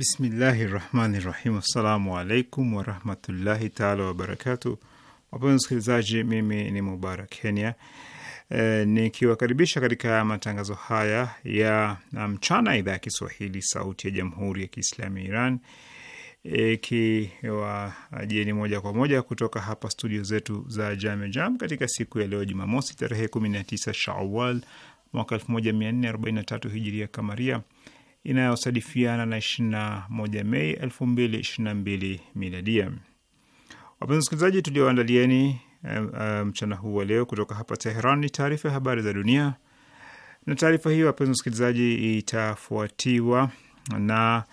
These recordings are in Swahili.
Bismillahi rahmani rahim. Assalamu alaikum warahmatullahi taala wabarakatu. Wapenzi msikilizaji, mimi ni Mubarak Kenya e, nikiwakaribisha katika matangazo haya ya eh, mchana, idhaa ya Kiswahili sauti ya jamhuri ya Kiislami ya Iran ikiwajieni e, moja kwa moja kutoka hapa studio zetu za Jame Jam katika siku ya leo Jumamosi tarehe 19 Shawal mwaka 1443 hijiria kamaria inayosadifiana na 21 Mei 2022 miladia. Wapenzi wasikilizaji, tulioandalieni eh, eh, mchana um, um, huu wa leo kutoka hapa Teheran ni taarifa ya habari za dunia, na taarifa hiyo wapenzi wasikilizaji, itafuatiwa na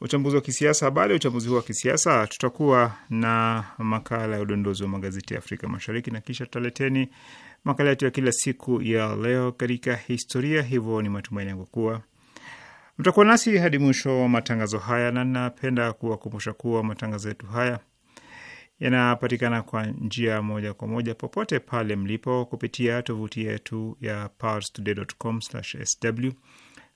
uchambuzi wa kisiasa. Baada ya uchambuzi huu wa kisiasa, tutakuwa na makala ya udondozi wa magazeti ya Afrika Mashariki, na kisha tutaleteni makala yetu ya kila siku ya leo katika historia. Hivyo ni matumaini yangu kuwa Mtakuwa nasi hadi mwisho wa matangazo haya, na ninapenda kuwakumbusha kuwa matangazo yetu haya yanapatikana kwa njia moja kwa moja popote pale mlipo kupitia tovuti yetu ya parstoday.com/sw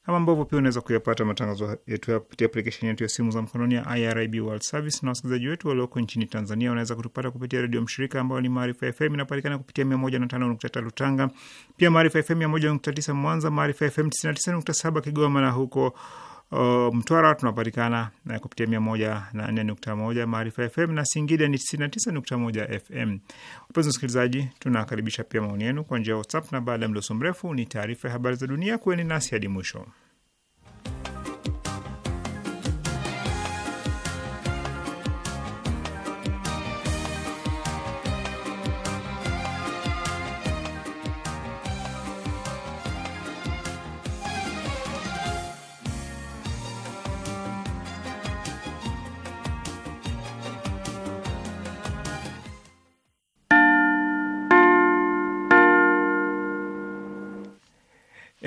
kama ambavyo pia unaweza kuyapata matangazo yetu haya kupitia aplikesheni yetu ya simu za mkononi ya IRIB World Service, na wasikilizaji wetu walioko nchini Tanzania wanaweza kutupata kupitia redio mshirika ambayo ni Maarifa FM, inapatikana kupitia 105.3 Tanga, pia Maarifa FM 101.9 Mwanza, Maarifa FM 99.7 Kigoma, na huko Mtwara tunapatikana eh, kupitia mia moja na nne nukta moja Maarifa FM na Singida ni tisini na tisa nukta moja FM. Wapenzi wasikilizaji, tunakaribisha pia maoni yenu kwa njia ya WhatsApp na baada ya mdoso mrefu ni taarifa ya habari za dunia. Kuweni nasi hadi mwisho.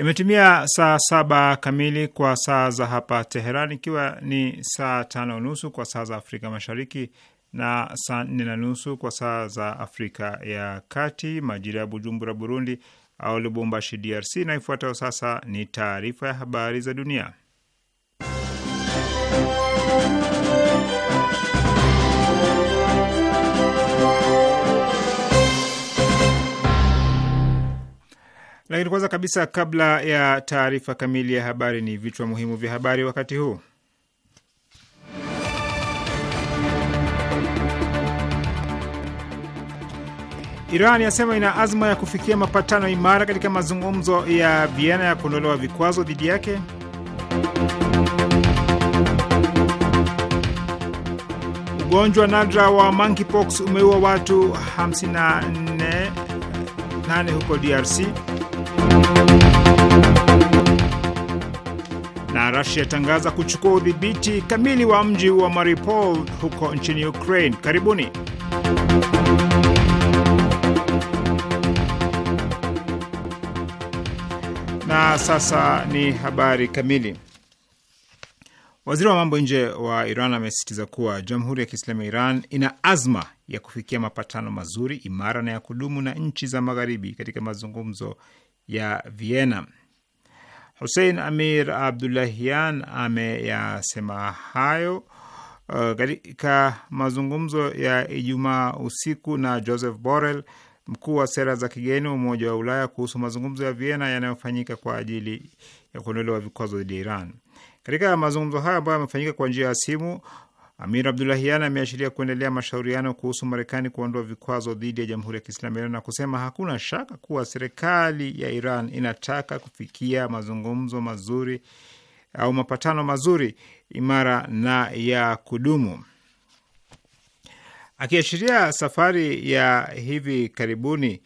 Imetimia saa saba kamili kwa saa za hapa Teheran, ikiwa ni saa tano nusu kwa saa za Afrika Mashariki na saa nne na nusu kwa saa za Afrika ya Kati, majira ya Bujumbura, Burundi au Lubumbashi, DRC. Na ifuatayo sasa ni taarifa ya habari za dunia. Lakini kwanza kabisa, kabla ya taarifa kamili ya habari, ni vichwa muhimu vya habari wakati huu. Iran yasema ina azma ya kufikia mapatano imara katika mazungumzo ya Vienna ya kuondolewa vikwazo dhidi yake. Ugonjwa nadra wa monkeypox umeua watu 54 huko DRC. Na Rasia yatangaza kuchukua udhibiti kamili wa mji wa Mariupol huko nchini Ukraine. Karibuni. Na sasa ni habari kamili. Waziri wa mambo nje wa Iran amesisitiza kuwa Jamhuri ya Kiislamu ya Iran ina azma ya kufikia mapatano mazuri, imara na ya kudumu na nchi za Magharibi katika mazungumzo ya Vienna. Hussein Amir Abdullahian ameyasema hayo uh, katika mazungumzo ya Ijumaa usiku na Joseph Borrell, mkuu wa sera za kigeni wa Umoja wa Ulaya, kuhusu mazungumzo ya Vienna yanayofanyika kwa ajili ya kuondolewa vikwazo dhidi ya Iran. Katika mazungumzo hayo ambayo yamefanyika kwa njia ya simu, Amir Abdulahian ameashiria kuendelea mashauriano kuhusu Marekani kuondoa vikwazo dhidi ya Jamhuri ya Kiislamu ya Iran na kusema hakuna shaka kuwa serikali ya Iran inataka kufikia mazungumzo mazuri au mapatano mazuri imara na ya kudumu. Akiashiria safari ya hivi karibuni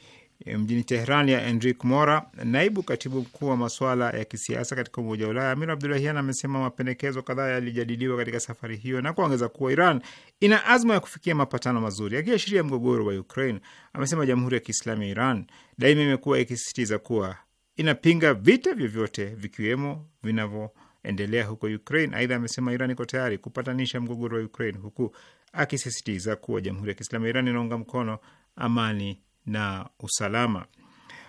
E, mjini teheran ya Enrique Mora, naibu katibu mkuu wa masuala ya kisiasa katika Umoja wa Ulaya, Amir Abdulahian amesema mapendekezo kadhaa yalijadiliwa katika safari hiyo na kuongeza kuwa Iran ina azma ya kufikia mapatano mazuri. Akiashiria mgogoro wa Ukraine, amesema Jamhuri ya Kiislamu ya Iran daima imekuwa ikisisitiza kuwa inapinga vita vyovyote vikiwemo vinavyoendelea huko Ukraine. Aidha, amesema Iran iko tayari kupatanisha mgogoro wa Ukraine, huku akisisitiza kuwa Jamhuri ya Kiislamu ya Iran inaunga mkono amani na usalama.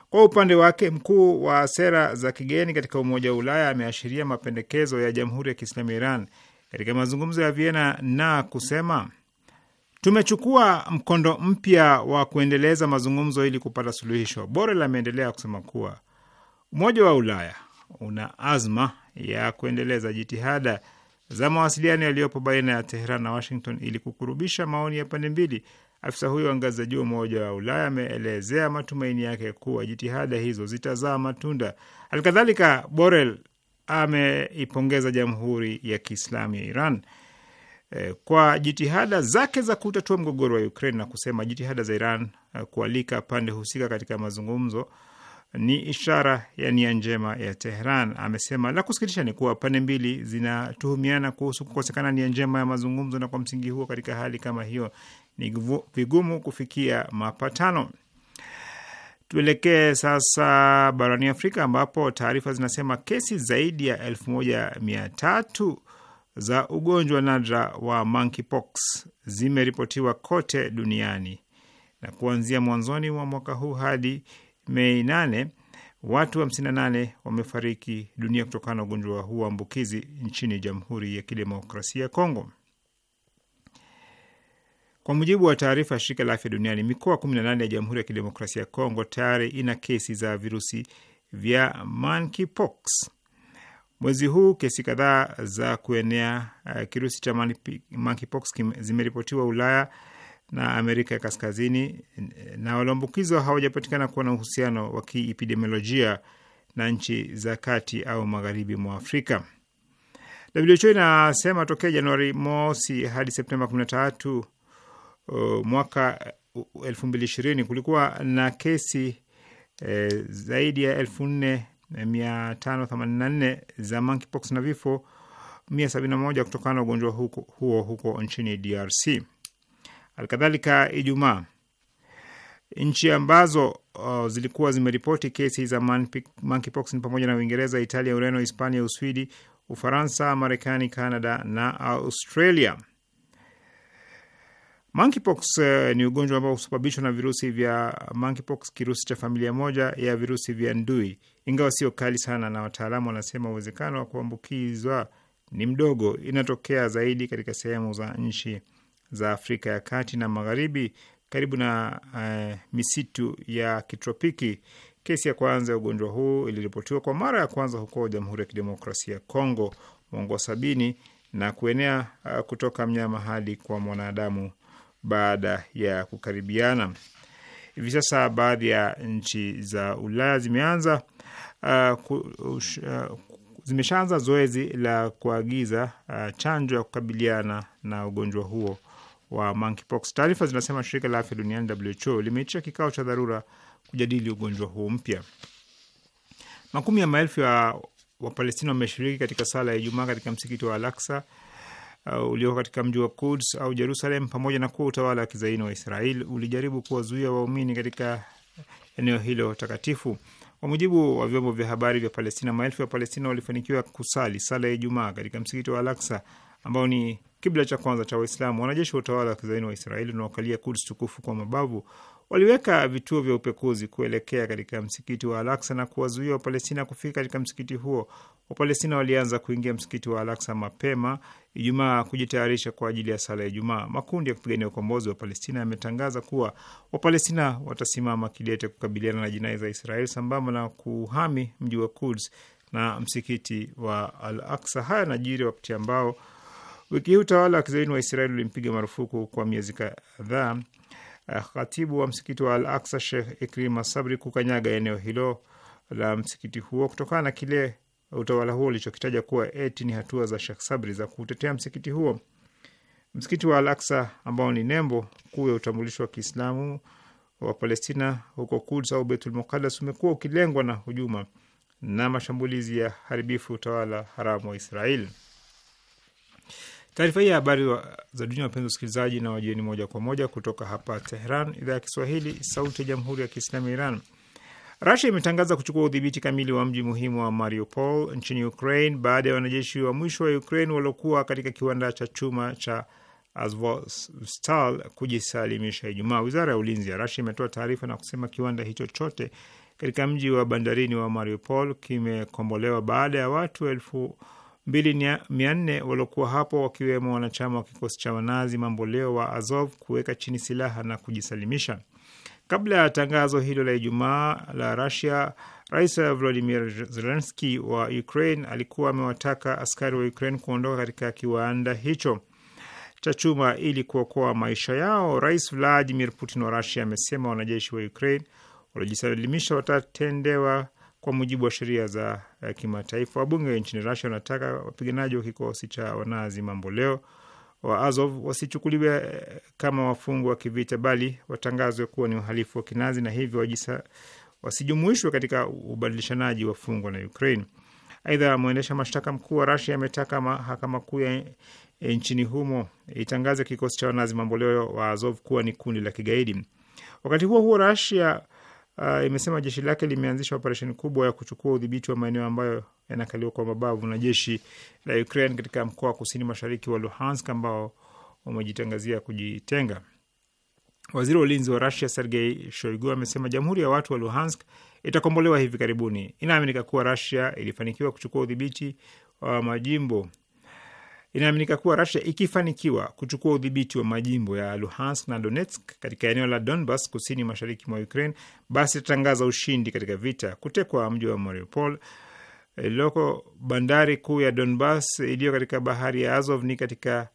Kwa upande wake, mkuu wa sera za kigeni katika Umoja wa Ulaya ameashiria mapendekezo ya Jamhuri ya Kiislamu ya Iran katika mazungumzo ya Vienna na kusema, tumechukua mkondo mpya wa kuendeleza mazungumzo ili kupata suluhisho. Borel ameendelea kusema kuwa Umoja wa Ulaya una azma ya kuendeleza jitihada za mawasiliano yaliyopo baina ya Teheran na Washington ili kukurubisha maoni ya pande mbili Afisa huyo wa ngazi za juu Umoja wa Ulaya ameelezea matumaini yake kuwa jitihada hizo zitazaa matunda. Halikadhalika, Borel ameipongeza Jamhuri ya Kiislamu ya Iran e, kwa jitihada zake za kutatua mgogoro wa Ukraine na kusema jitihada za Iran e, kualika pande husika katika mazungumzo ni ishara ya nia njema ya Tehran. Amesema la kusikitisha ni kuwa pande mbili zinatuhumiana kuhusu kukosekana nia njema ya mazungumzo, na kwa msingi huo, katika hali kama hiyo, ni vigumu kufikia mapatano. Tuelekee sasa barani Afrika ambapo taarifa zinasema kesi zaidi ya elfu moja mia tatu za ugonjwa nadra wa monkeypox zimeripotiwa kote duniani na kuanzia mwanzoni mwa mwaka huu hadi Mei 8 watu 58 wa wamefariki dunia kutokana na ugonjwa huu wa ambukizi nchini Jamhuri ya Kidemokrasia ya Kongo. Kwa mujibu wa taarifa ya shirika la afya duniani, mikoa 18 ya Jamhuri ya Kidemokrasia ya Kongo tayari ina kesi za virusi vya monkeypox. Mwezi huu kesi kadhaa za kuenea uh, kirusi cha monkeypox zimeripotiwa Ulaya na Amerika ya Kaskazini, na walioambukizwa hawajapatikana kuwa na uhusiano wa kiepidemiolojia na nchi za kati au magharibi mwa Afrika. WHO inasema tokea Januari mosi hadi Septemba 13 Uh, mwaka uh, elfu mbili ishirini kulikuwa na kesi e, zaidi ya elfu nne mia tano themanini na nne za monkeypox na vifo mia sabini na moja kutokana na ugonjwa huo huko nchini DRC. Alkadhalika, Ijumaa nchi ambazo uh, zilikuwa zimeripoti kesi za monkeypox ni pamoja na Uingereza, Italia, Ureno, Hispania, Uswidi, Ufaransa, Marekani, Canada na Australia. Monkeypox eh, ni ugonjwa ambao husababishwa na virusi vya monkeypox, kirusi cha familia moja ya virusi vya ndui, ingawa sio kali sana, na wataalamu wanasema uwezekano wa kuambukizwa ni mdogo. Inatokea zaidi katika sehemu za nchi za Afrika ya kati na magharibi karibu na uh, misitu ya kitropiki. Kesi ya kwanza ya ugonjwa huu iliripotiwa kwa mara ya kwanza huko Jamhuri ya Kidemokrasia ya Kongo mwongo wa sabini na kuenea uh, kutoka mnyama hadi kwa mwanadamu baada ya kukaribiana. Hivi sasa baadhi ya nchi za Ulaya zimeanza uh, uh, zimeshaanza zoezi la kuagiza uh, chanjo ya kukabiliana na ugonjwa huo wa monkeypox. Taarifa zinasema shirika la afya duniani WHO limeitisha kikao cha dharura kujadili ugonjwa huo mpya. Makumi ya maelfu ya Wapalestina wameshiriki katika sala ya Ijumaa katika msikiti wa Al-Aqsa uh, ulioko katika mji wa Kuds au Jerusalem, pamoja na kuwa utawala wa kizaini wa Israel ulijaribu kuwazuia waumini katika eneo hilo takatifu. Kwa mujibu wa vyombo vya habari vya Palestina, maelfu ya Palestina walifanikiwa kusali sala ya Ijumaa katika msikiti wa Al-Aqsa ambao ni kibla cha kwanza cha Waislamu. Wanajeshi wa utawala wa kizaini wa Israeli unaokalia Kuds tukufu kwa mabavu waliweka vituo vya upekuzi kuelekea katika msikiti wa Alaksa na kuwazuia Wapalestina kufika katika msikiti huo. Wapalestina walianza kuingia msikiti wa alaksa mapema Ijumaa kujitayarisha kwa ajili ya sala ya Ijumaa. Makundi ya kupigania ukombozi wa Palestina yametangaza kuwa Wapalestina watasimama kidete kukabiliana na jinai za Israeli sambamba na kuhami mji wa Kuds na msikiti wa al Aksa. Haya najiri wakati ambao wiki hii utawala wa kizaini wa Israeli ulimpiga marufuku kwa miezi kadhaa Eh, khatibu wa msikiti wa Al Aksa Sheikh Ikrima Sabri kukanyaga eneo hilo la msikiti huo kutokana na kile utawala huo ulichokitaja kuwa eti ni hatua za Sheikh Sabri za kutetea msikiti huo. Msikiti wa Al Aksa ambao ni nembo kuu ya utambulisho wa Kiislamu wa Palestina huko Kuds au Betul Muqaddas umekuwa ukilengwa na hujuma na mashambulizi ya haribifu utawala haramu wa Israeli. Taarifa hii ya habari za dunia, wapenzi wasikilizaji, na wajieni moja kwa moja kutoka hapa Tehran, idhaa ya Kiswahili, sauti ya jamhuri ya kiislamu ya Iran. Rasia imetangaza kuchukua udhibiti kamili wa mji muhimu wa Mariupol nchini Ukraine baada ya wanajeshi wa mwisho wa Ukraine waliokuwa katika kiwanda cha chuma cha Azovstal kujisalimisha Ijumaa. Wizara ya ulinzi ya Rasia imetoa taarifa na kusema kiwanda hicho chote katika mji wa bandarini wa Mariupol kimekombolewa baada ya watu elfu mia nne waliokuwa hapo wakiwemo wanachama wa kikosi cha wanazi mamboleo wa Azov kuweka chini silaha na kujisalimisha. Kabla ya tangazo hilo la Ijumaa la rasia Rais Volodimir zelenski wa Ukraine alikuwa amewataka askari wa Ukraine kuondoka katika kiwanda hicho cha chuma ili kuokoa maisha yao. Rais Vladimir Putin wa rusia amesema wanajeshi wa Ukraine waliojisalimisha watatendewa kwa mujibu wa sheria za eh, kimataifa. Wabunge nchini rasia wanataka wapiganaji wa kikosi cha wanazi mambo leo wa Azov wasichukuliwe eh, kama wafungwa wa kivita, bali watangazwe kuwa ni uhalifu wa kinazi na hivyo wajisa, wasijumuishwe katika ubadilishanaji wafungwa na Ukraine. Aidha, mwendesha mashtaka mkuu wa rasia ametaka mahakama kuu ya eh, nchini humo itangaze kikosi cha wanazi mamboleo wa Azov kuwa ni kundi la kigaidi. Wakati huo huo, Russia uh, imesema jeshi lake limeanzisha operesheni kubwa ya kuchukua udhibiti wa maeneo ambayo yanakaliwa kwa mabavu na jeshi la Ukraine katika mkoa wa kusini mashariki wa Luhansk ambao wamejitangazia kujitenga. Waziri wa ulinzi wa Rusia Sergei Shoigu amesema jamhuri ya watu wa Luhansk itakombolewa hivi karibuni. Inaaminika kuwa Rusia ilifanikiwa kuchukua udhibiti wa majimbo Inaaminika kuwa Rasia ikifanikiwa kuchukua udhibiti wa majimbo ya Luhansk na Donetsk katika eneo la Donbas kusini mashariki mwa Ukraine, basi itatangaza ushindi katika vita. Kutekwa mji wa Mariupol iliyoko bandari kuu ya Donbas iliyo katika bahari ya Azov ni katika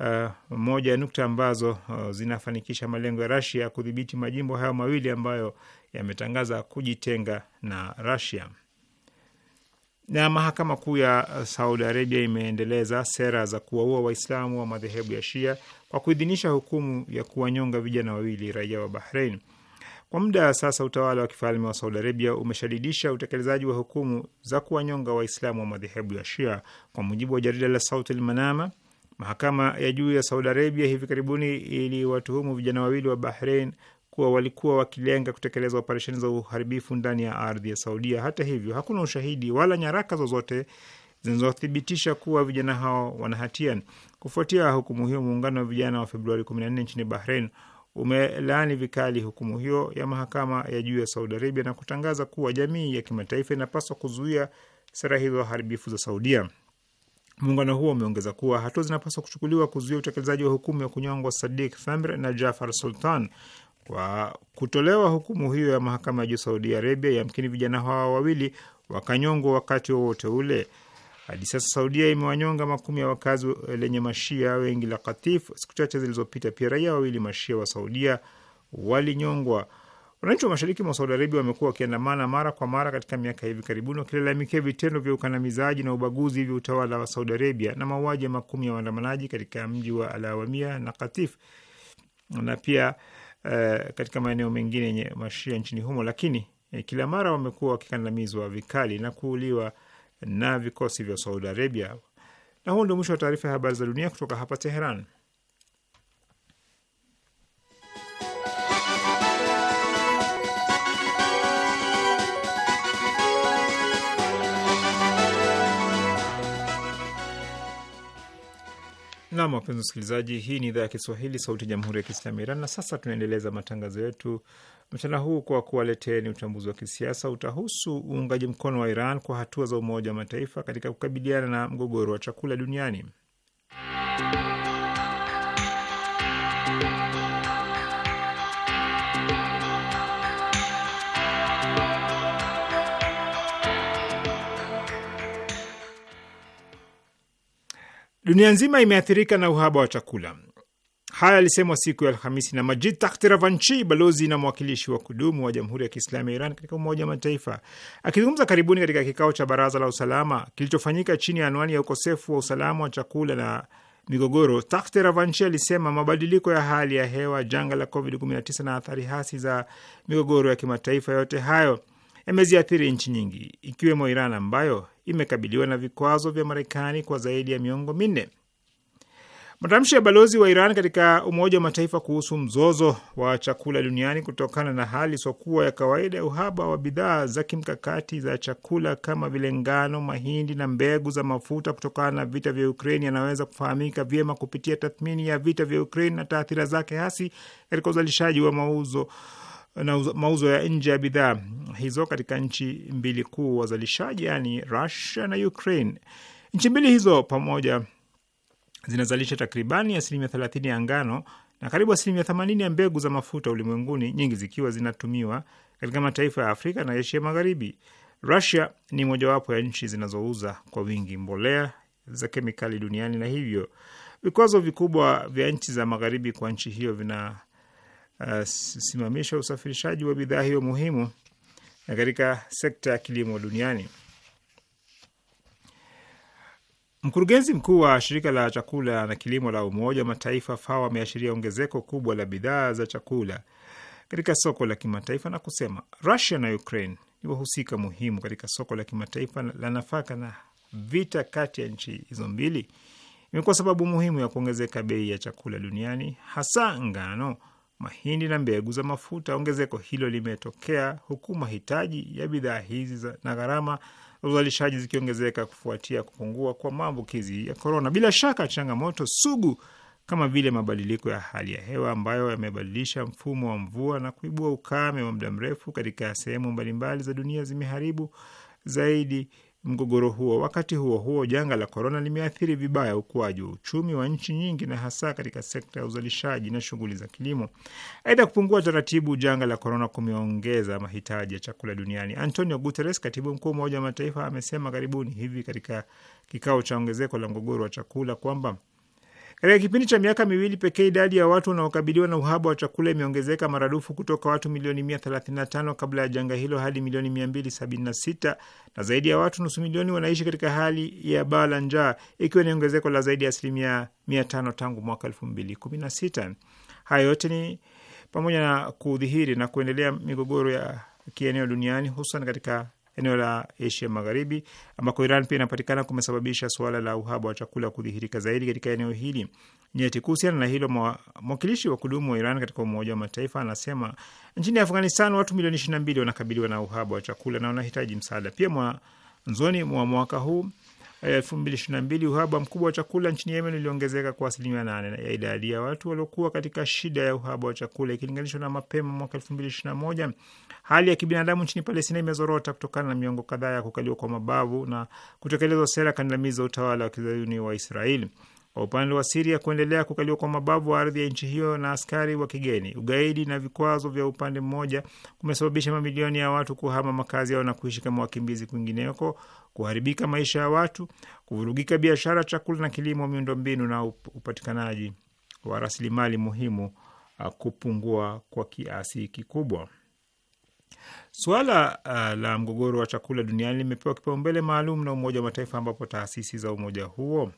uh, moja ya nukta ambazo uh, zinafanikisha malengo ya Rasia kudhibiti majimbo hayo mawili ambayo yametangaza kujitenga na Rasia. Na mahakama kuu ya uh, Saudi Arabia imeendeleza sera za kuwaua Waislamu wa madhehebu ya Shia kwa kuidhinisha hukumu ya kuwanyonga vijana wawili raia wa Bahrain. Kwa muda sasa, utawala wa kifalme wa Saudi Arabia umeshadidisha utekelezaji wa hukumu za kuwanyonga Waislamu wa madhehebu ya Shia. Kwa mujibu wa jarida la Sautil Manama, mahakama ya juu ya Saudi Arabia hivi karibuni iliwatuhumu vijana wawili wa Bahrain kuwa walikuwa wakilenga kutekeleza operesheni za uharibifu ndani ya ardhi ya Saudia. Hata hivyo, hakuna ushahidi wala nyaraka zozote zinazothibitisha kuwa vijana hao wanahatia. Kufuatia hukumu hiyo, muungano wa vijana wa Februari 14 nchini Bahrain umelaani vikali hukumu hiyo ya mahakama ya juu ya Saudi Arabia na kutangaza kuwa jamii ya kimataifa inapaswa kuzuia sera hizo haribifu za Saudia. Muungano huo umeongeza kuwa hatua zinapaswa kuchukuliwa kuzuia utekelezaji wa hukumu ya kunyongwa Sadik Thamir na Jafar Sultan kwa kutolewa hukumu hiyo ya mahakama ya juu Saudi Arabia, yamkini vijana hawa wawili wakanyongwa wakati wowote ule. Hadi sasa Saudia imewanyonga makumi ya wakazi lenye mashia wengi la Katif. Siku chache zilizopita pia raia wawili mashia wa Saudia walinyongwa. Wananchi wa mashariki mwa Saudi Arabia wamekuwa wakiandamana mara kwa mara katika miaka hivi karibuni, wakilalamikia vitendo vya ukandamizaji na ubaguzi vya utawala wa Saudi Arabia na mauaji ya makumi ya waandamanaji katika mji wa Alawamia na Katif na pia Eh, katika maeneo mengine yenye mashia nchini humo, lakini eh, kila mara wamekuwa wakikandamizwa vikali na kuuliwa na vikosi vya Saudi Arabia. Na huo ndio mwisho wa taarifa ya habari za dunia kutoka hapa Teheran. Nam, wapenzi msikilizaji, hii ni idhaa ya Kiswahili sauti ya jamhuri ya kiislamu ya Iran. Na sasa tunaendeleza matangazo yetu mchana huu kwa kuwaleteni uchambuzi wa kisiasa. Utahusu uungaji mkono wa Iran kwa hatua za Umoja wa Mataifa katika kukabiliana na mgogoro wa chakula duniani. Dunia nzima imeathirika na uhaba wa chakula. Haya alisemwa siku ya Alhamisi na Majid Takht Ravanchi, balozi na mwakilishi wa kudumu wa Jamhuri ya Kiislamu ya Iran katika Umoja wa Mataifa, akizungumza karibuni katika kikao cha Baraza la Usalama kilichofanyika chini ya anwani ya ukosefu wa usalama wa chakula na migogoro. Takhti Ravanchi alisema mabadiliko ya hali ya hewa, janga la COVID-19 na athari hasi za migogoro ya kimataifa, yote hayo yameziathiri nchi nyingi ikiwemo Iran ambayo imekabiliwa na vikwazo vya Marekani kwa zaidi ya miongo minne. Matamshi ya balozi wa Iran katika Umoja wa Mataifa kuhusu mzozo wa chakula duniani kutokana na hali isiokuwa ya kawaida ya uhaba wa bidhaa za kimkakati za chakula kama vile ngano, mahindi na mbegu za mafuta kutokana na vita vya Ukraini yanaweza kufahamika vyema kupitia tathmini ya vita vya Ukraini na taathira zake hasi katika uzalishaji wa mauzo na mauzo ya nje ya bidhaa hizo katika nchi mbili kuu wazalishaji, yaani Russia na Ukraine. Nchi mbili hizo pamoja zinazalisha takribani asilimia thelathini ya ngano na karibu asilimia themanini ya mbegu za mafuta ulimwenguni, nyingi zikiwa zinatumiwa katika mataifa ya Afrika na Asia Magharibi. Rusia ni mojawapo ya nchi zinazouza kwa wingi mbolea za kemikali duniani na hivyo vikwazo vikubwa vya nchi za magharibi kwa nchi hiyo vina uh, usafirishaji wa bidhaa hiyo muhimu uh, katika sekta ya kilimo duniani. Mkurugenzi mkuu wa shirika la chakula na kilimo la Umoja wa Mataifa FAO ameashiria ongezeko kubwa la bidhaa za chakula katika soko la kimataifa na kusema Rusia na Ukraine ni wahusika muhimu katika soko la kimataifa la nafaka na vita kati ya nchi hizo mbili imekuwa sababu muhimu ya kuongezeka bei ya chakula duniani hasa ngano mahindi na mbegu za mafuta. Ongezeko hilo limetokea huku mahitaji ya bidhaa hizi na gharama za uzalishaji zikiongezeka kufuatia kupungua kwa maambukizi ya korona. Bila shaka changamoto sugu kama vile mabadiliko ya hali ya hewa ambayo yamebadilisha mfumo wa mvua na kuibua ukame wa muda mrefu katika sehemu mbalimbali za dunia zimeharibu zaidi mgogoro huo. Wakati huo huo, janga la korona limeathiri vibaya ukuaji wa uchumi wa nchi nyingi na hasa katika sekta ya uzalishaji na shughuli za kilimo. Aidha, kupungua taratibu janga la korona kumeongeza mahitaji ya chakula duniani. Antonio Guterres, katibu mkuu Umoja wa Mataifa, amesema karibuni hivi katika kikao cha ongezeko la mgogoro wa chakula kwamba katika kipindi cha miaka miwili pekee, idadi ya watu wanaokabiliwa na uhaba wa chakula imeongezeka maradufu kutoka watu milioni 135 kabla ya janga hilo hadi milioni 276 na zaidi ya watu nusu milioni wanaishi katika hali ya baa la njaa, ikiwa ni ongezeko la zaidi ya asilimia 500 tangu mwaka 2016. Haya yote ni pamoja na kudhihiri na kuendelea migogoro ya kieneo duniani hususan katika eneo la Asia Magharibi, ambako Iran pia inapatikana, kumesababisha suala la uhaba wa chakula kudhihirika zaidi katika eneo hili nyeti. Kuhusiana na hilo, mwakilishi wa kudumu wa Iran katika Umoja wa Mataifa anasema nchini Afghanistan watu milioni 22 wanakabiliwa na uhaba wa chakula na wanahitaji msaada. Pia mwanzoni mwa mwaka huu elfu mbili ishirini na mbili uhaba mkubwa wa chakula nchini Yemen uliongezeka kwa asilimia nane ya idadi ya watu waliokuwa katika shida ya uhaba wa chakula ikilinganishwa na mapema mwaka elfu mbili ishirini na moja. Hali ya kibinadamu nchini Palestina imezorota kutokana na miongo kadhaa ya kukaliwa kwa mabavu na kutekelezwa sera kandamizi za utawala wa kizayuni wa Israeli. Kwa upande wa Siria, kuendelea kukaliwa kwa mabavu wa ardhi ya nchi hiyo na askari wa kigeni, ugaidi na vikwazo vya upande mmoja kumesababisha mamilioni ya watu kuhama makazi yao na kuishi kama wakimbizi kwingineko, kuharibika maisha ya watu, kuvurugika biashara, chakula na kilimo, miundombinu na upatikanaji wa rasilimali muhimu uh, kupungua kwa kiasi kikubwa. Suala uh, la mgogoro wa chakula duniani limepewa kipaumbele maalum na Umoja wa Mataifa, ambapo taasisi za umoja huo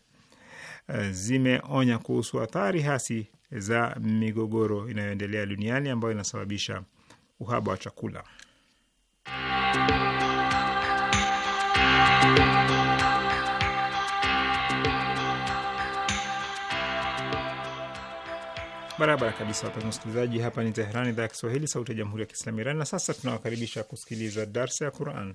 zimeonya kuhusu athari hasi za migogoro inayoendelea duniani ambayo inasababisha uhaba wa chakula. Barabara kabisa, wapenzi wasikilizaji, hapa ni Teherani, idhaa ya Kiswahili, sauti ya jamhuri ya kiislamu Irani. Na sasa tunawakaribisha kusikiliza darsa ya Quran.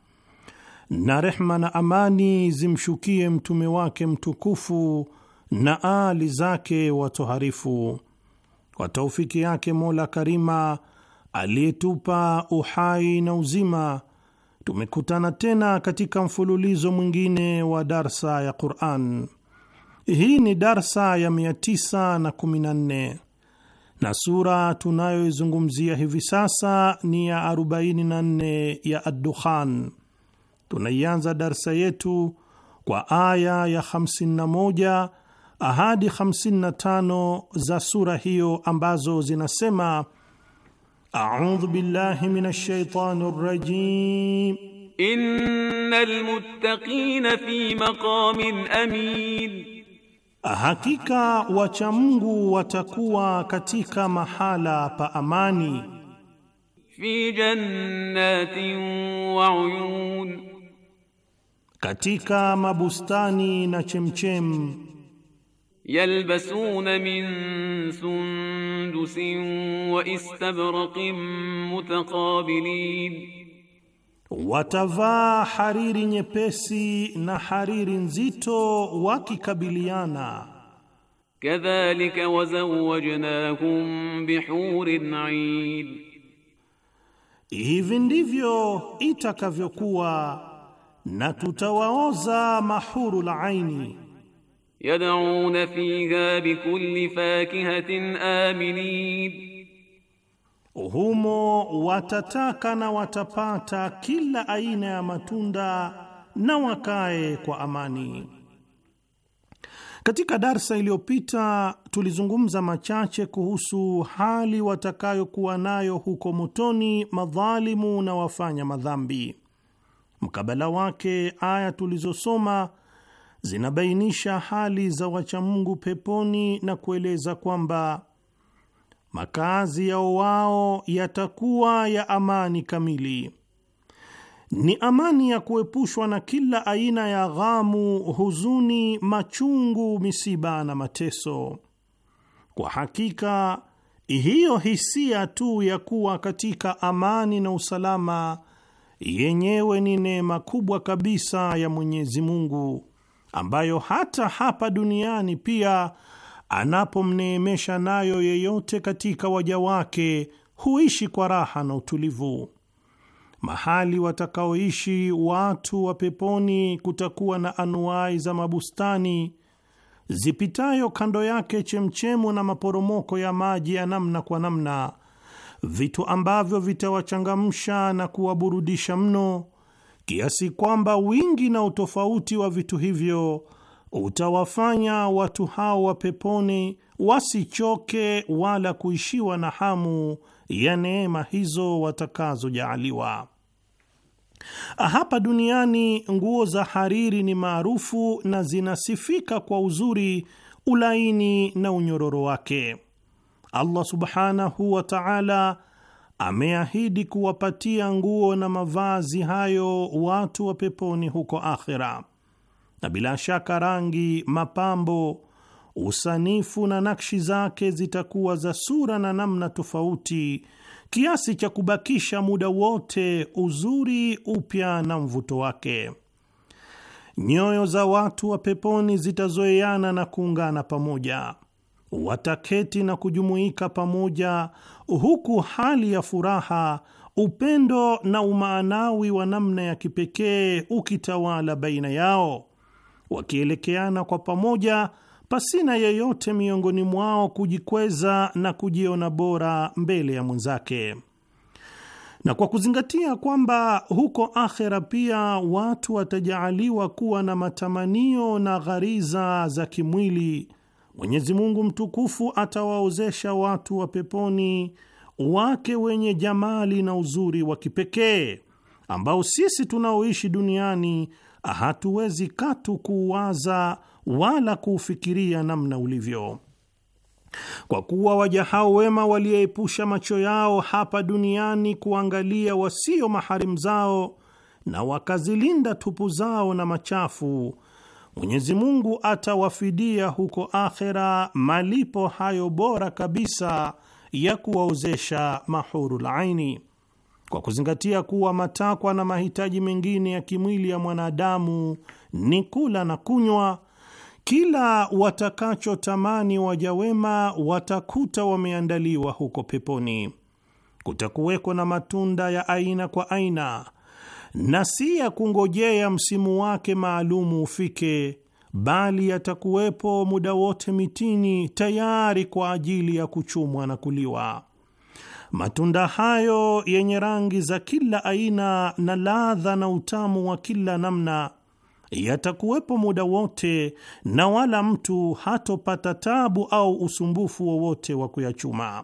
na rehma na amani zimshukie mtume wake mtukufu na aali zake watoharifu. Kwa taufiki yake Mola Karima aliyetupa uhai na uzima, tumekutana tena katika mfululizo mwingine wa darsa ya Quran. Hii ni darsa ya 914 na sura tunayoizungumzia hivi sasa ni ya 44 ya Addukhan tunaianza darsa yetu kwa aya ya 51 ahadi 55 za sura hiyo ambazo zinasema: audhu billahi minash shaitani rrajim innal muttaqina fi maqamin amin, hakika wacha Mungu watakuwa katika mahala pa amani. Fi jannatin wa uyun katika mabustani na chemchem. Yalbasuna min sundusin wa istabraqin mutaqabilin, watavaa hariri nyepesi na hariri nzito wakikabiliana. Kadhalika wazawajnahum bihurin ain, hivi ndivyo itakavyokuwa na tutawaoza mahuru la aini yad'una fiha bikulli fakihatin aminin, humo watataka na watapata kila aina ya matunda na wakae kwa amani. Katika darsa iliyopita tulizungumza machache kuhusu hali watakayokuwa nayo huko motoni madhalimu na wafanya madhambi. Mkabala wake aya tulizosoma zinabainisha hali za wachamungu peponi na kueleza kwamba makazi yao wao yatakuwa ya amani kamili. Ni amani ya kuepushwa na kila aina ya ghamu, huzuni, machungu, misiba na mateso. Kwa hakika hiyo hisia tu ya kuwa katika amani na usalama yenyewe ni neema kubwa kabisa ya Mwenyezi Mungu ambayo hata hapa duniani pia anapomneemesha nayo yeyote katika waja wake huishi kwa raha na utulivu. Mahali watakaoishi watu wa peponi kutakuwa na anuai za mabustani zipitayo kando yake chemchemu na maporomoko ya maji ya namna kwa namna vitu ambavyo vitawachangamsha na kuwaburudisha mno, kiasi kwamba wingi na utofauti wa vitu hivyo utawafanya watu hao wa peponi wasichoke wala kuishiwa na hamu ya neema hizo watakazojaaliwa. Hapa duniani nguo za hariri ni maarufu na zinasifika kwa uzuri, ulaini na unyororo wake. Allah subhanahu wa taala ameahidi kuwapatia nguo na mavazi hayo watu wa peponi huko akhira, na bila shaka rangi, mapambo, usanifu na nakshi zake zitakuwa za sura na namna tofauti kiasi cha kubakisha muda wote uzuri, upya na mvuto wake. Nyoyo za watu wa peponi zitazoeana na kuungana pamoja wataketi na kujumuika pamoja, huku hali ya furaha, upendo na umaanawi wa namna ya kipekee ukitawala baina yao, wakielekeana kwa pamoja pasina yeyote miongoni mwao kujikweza na kujiona bora mbele ya mwenzake. Na kwa kuzingatia kwamba huko akhera pia watu watajaaliwa kuwa na matamanio na ghariza za kimwili Mwenyezi Mungu mtukufu atawaozesha watu wa peponi wake wenye jamali na uzuri wa kipekee ambao sisi tunaoishi duniani hatuwezi katu kuuwaza wala kuufikiria namna ulivyo. Kwa kuwa waja hao wema waliyeepusha macho yao hapa duniani kuangalia wasio maharimu zao na wakazilinda tupu zao na machafu Mwenyezi Mungu atawafidia huko akhera malipo hayo bora kabisa ya kuwaozesha mahurul aini. Kwa kuzingatia kuwa matakwa na mahitaji mengine ya kimwili ya mwanadamu ni kula na kunywa, kila watakachotamani waja wema watakuta wameandaliwa huko peponi. Kutakuweko na matunda ya aina kwa aina na si ya kungojea msimu wake maalumu ufike, bali yatakuwepo muda wote mitini tayari kwa ajili ya kuchumwa na kuliwa. Matunda hayo yenye rangi za kila aina na ladha na utamu wa kila namna yatakuwepo muda wote, na wala mtu hatopata tabu au usumbufu wowote wa, kuyachuma.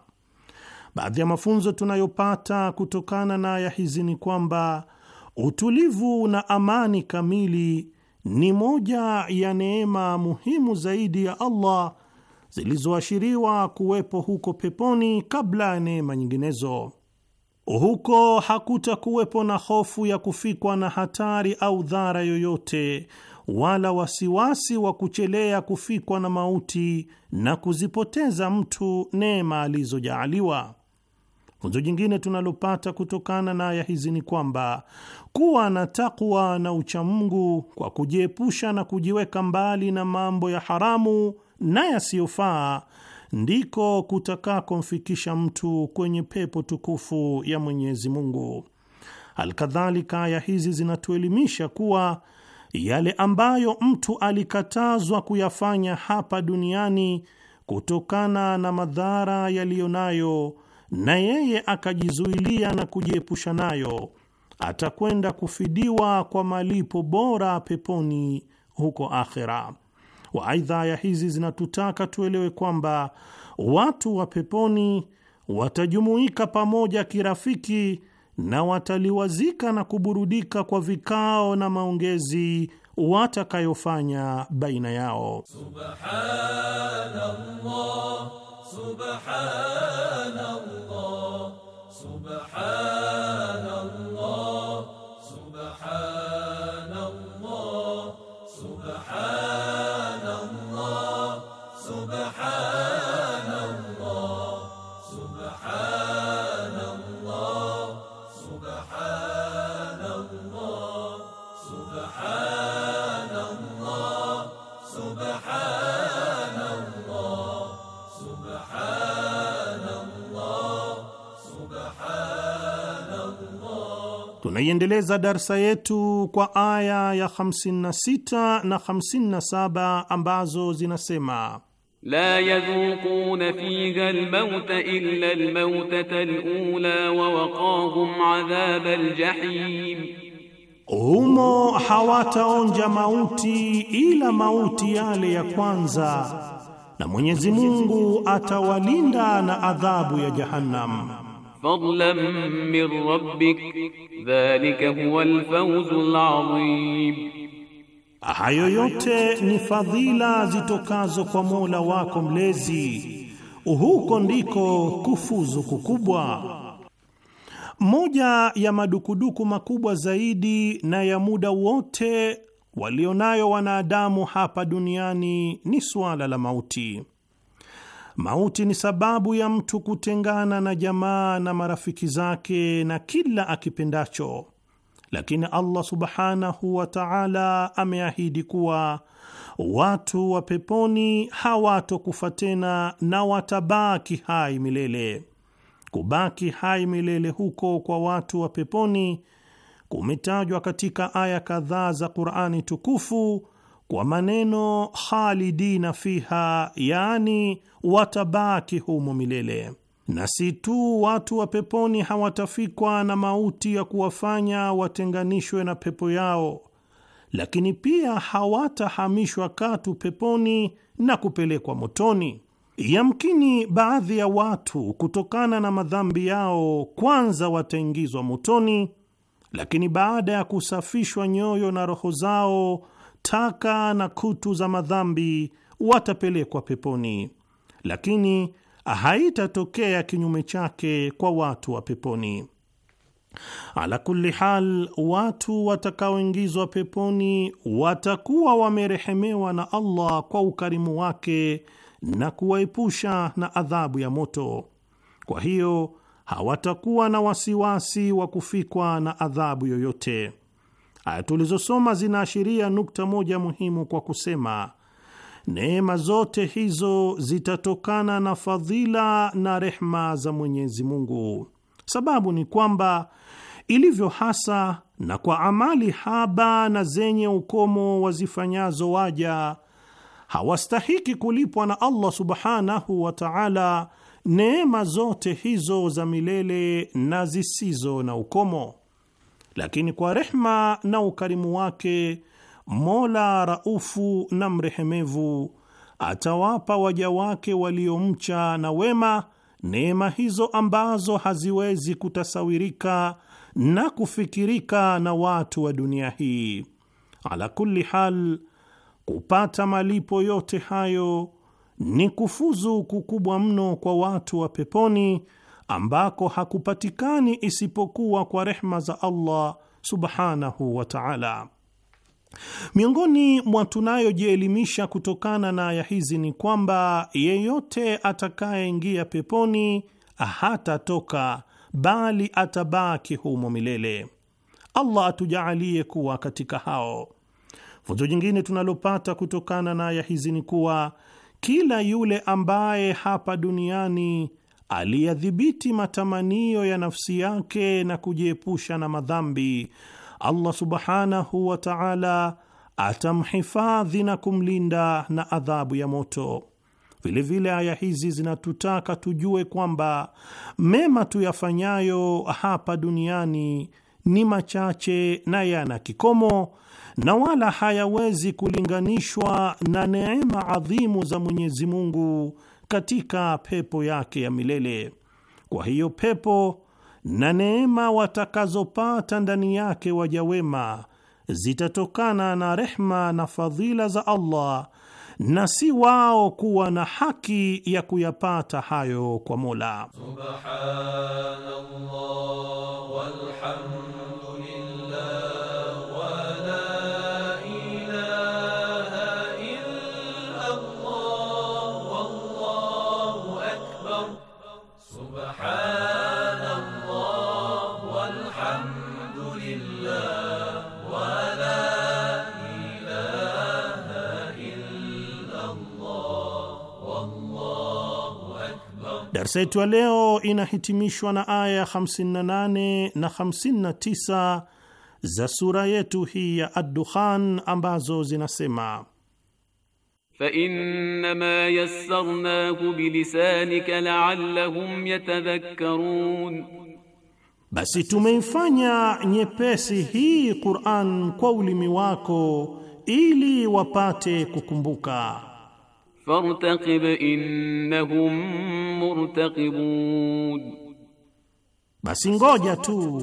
Baadhi ya mafunzo tunayopata kutokana na aya hizi ni kwamba Utulivu na amani kamili ni moja ya neema muhimu zaidi ya Allah zilizoashiriwa kuwepo huko peponi kabla ya neema nyinginezo. Huko hakutakuwepo na hofu ya kufikwa na hatari au dhara yoyote, wala wasiwasi wa kuchelea kufikwa na mauti na kuzipoteza mtu neema alizojaaliwa. Funzo jingine tunalopata kutokana na aya hizi ni kwamba kuwa na takwa na uchamungu kwa kujiepusha na kujiweka mbali na mambo ya haramu na yasiyofaa ndiko kutakakomfikisha mtu kwenye pepo tukufu ya Mwenyezi Mungu. Alkadhalika, aya hizi zinatuelimisha kuwa yale ambayo mtu alikatazwa kuyafanya hapa duniani kutokana na madhara yaliyo nayo na yeye akajizuilia na kujiepusha nayo, atakwenda kufidiwa kwa malipo bora peponi huko akhera. Waaidha, aya hizi zinatutaka tuelewe kwamba watu wa peponi watajumuika pamoja kirafiki na wataliwazika na kuburudika kwa vikao na maongezi watakayofanya baina yao. Subhanallah. سبحان الله سبحان الله سبحان الله سبحان Tunaiendeleza darsa yetu kwa aya ya 56 na 57 ambazo zinasema la yadhuquna fiha almauta illa almautata alula wa waqahum adhab aljahim, humo hawataonja mauti ila mauti yale ya kwanza, na Mwenyezi Mungu atawalinda na adhabu ya Jahannam fadlan min rabbik dhalika huwa alfawzul adhim, hayo yote ni fadhila zitokazo kwa Mola wako mlezi, huko ndiko kufuzu kukubwa. Moja ya madukuduku makubwa zaidi na ya muda wote walionayo wanadamu hapa duniani ni suala la mauti. Mauti ni sababu ya mtu kutengana na jamaa na marafiki zake na kila akipendacho, lakini Allah subhanahu wa ta'ala ameahidi kuwa watu wa peponi hawatokufa tena na watabaki hai milele. Kubaki hai milele huko kwa watu wa peponi kumetajwa katika aya kadhaa za Qur'ani tukufu kwa maneno khalidina fiha, yaani watabaki humo milele, na si tu watu wa peponi hawatafikwa na mauti ya kuwafanya watenganishwe na pepo yao, lakini pia hawatahamishwa katu peponi na kupelekwa motoni. Yamkini baadhi ya watu kutokana na madhambi yao kwanza wataingizwa motoni, lakini baada ya kusafishwa nyoyo na roho zao taka na kutu za madhambi watapelekwa peponi lakini haitatokea kinyume chake kwa watu wa peponi. Ala kulli hal, watu watakaoingizwa peponi watakuwa wamerehemewa na Allah kwa ukarimu wake na kuwaepusha na adhabu ya moto. Kwa hiyo hawatakuwa na wasiwasi wa kufikwa na adhabu yoyote. Aya tulizosoma zinaashiria nukta moja muhimu kwa kusema Neema zote hizo zitatokana na fadhila na rehma za Mwenyezi Mungu. Sababu ni kwamba ilivyo hasa na kwa amali haba na zenye ukomo wazifanyazo waja hawastahiki kulipwa na Allah subhanahu wa ta'ala neema zote hizo za milele na zisizo na ukomo, lakini kwa rehma na ukarimu wake Mola raufu na mrehemevu atawapa waja wake waliomcha na wema neema hizo ambazo haziwezi kutasawirika na kufikirika na watu wa dunia hii. Ala kulli hal, kupata malipo yote hayo ni kufuzu kukubwa mno kwa watu wa peponi ambako hakupatikani isipokuwa kwa rehma za Allah subhanahu wa ta'ala. Miongoni mwa tunayojielimisha kutokana na aya hizi ni kwamba yeyote atakayeingia peponi hatatoka, bali atabaki humo milele. Allah atujaalie kuwa katika hao. Funzo jingine tunalopata kutokana na aya hizi ni kuwa kila yule ambaye hapa duniani aliyadhibiti matamanio ya nafsi yake na kujiepusha na madhambi Allah subhanahu wa taala atamhifadhi na kumlinda na adhabu ya moto. Vilevile aya hizi zinatutaka tujue kwamba mema tuyafanyayo hapa duniani ni machache na yana kikomo na wala hayawezi kulinganishwa na neema adhimu za Mwenyezi Mungu katika pepo yake ya milele. Kwa hiyo pepo na neema watakazopata ndani yake waja wema zitatokana na rehma na fadhila za Allah na si wao kuwa na haki ya kuyapata hayo kwa Mola. Subhanallah walhamdulillah Darsa yetu ya leo inahitimishwa na aya 58 na 59 za sura yetu hii ya addukhan ambazo zinasema fainma yassarnahu bilisanika laallahum yatadhakkarun, basi tumeifanya nyepesi hii Qur'an kwa ulimi wako ili wapate kukumbuka fartaqib innahum murtaqibun, basi ngoja tu,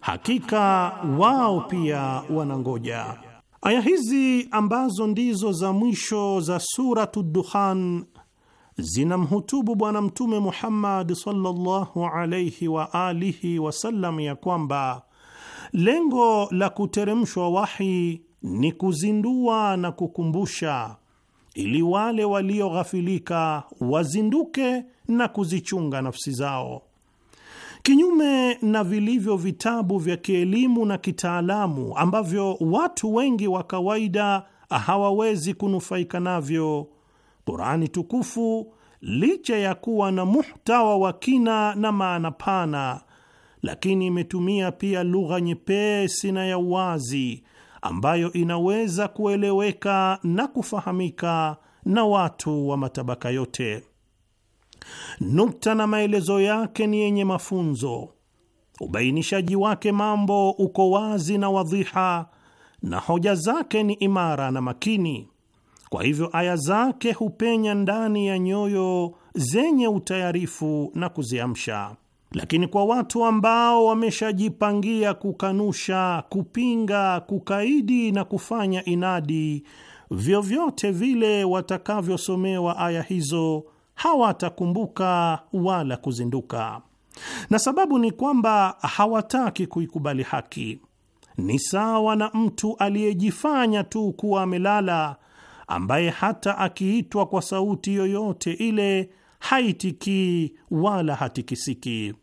hakika wao pia wanangoja. Aya hizi ambazo ndizo za mwisho za Suratu Duhan zinamhutubu Bwana Mtume Muhammad sallallahu alayhi wa alihi wasallam ya kwamba lengo la kuteremshwa wahi ni kuzindua na kukumbusha ili wale walioghafilika wazinduke na kuzichunga nafsi zao. Kinyume na vilivyo vitabu vya kielimu na kitaalamu ambavyo watu wengi wa kawaida hawawezi kunufaika navyo, Qurani tukufu licha ya kuwa na muhtawa wa kina na maana pana, lakini imetumia pia lugha nyepesi na ya uwazi ambayo inaweza kueleweka na kufahamika na watu wa matabaka yote. Nukta na maelezo yake ni yenye mafunzo, ubainishaji wake mambo uko wazi na wadhiha, na hoja zake ni imara na makini. Kwa hivyo aya zake hupenya ndani ya nyoyo zenye utayarifu na kuziamsha. Lakini kwa watu ambao wameshajipangia kukanusha, kupinga, kukaidi na kufanya inadi, vyovyote vile watakavyosomewa aya hizo hawatakumbuka wala kuzinduka, na sababu ni kwamba hawataki kuikubali haki. Ni sawa na mtu aliyejifanya tu kuwa amelala, ambaye hata akiitwa kwa sauti yoyote ile haitikii wala hatikisiki.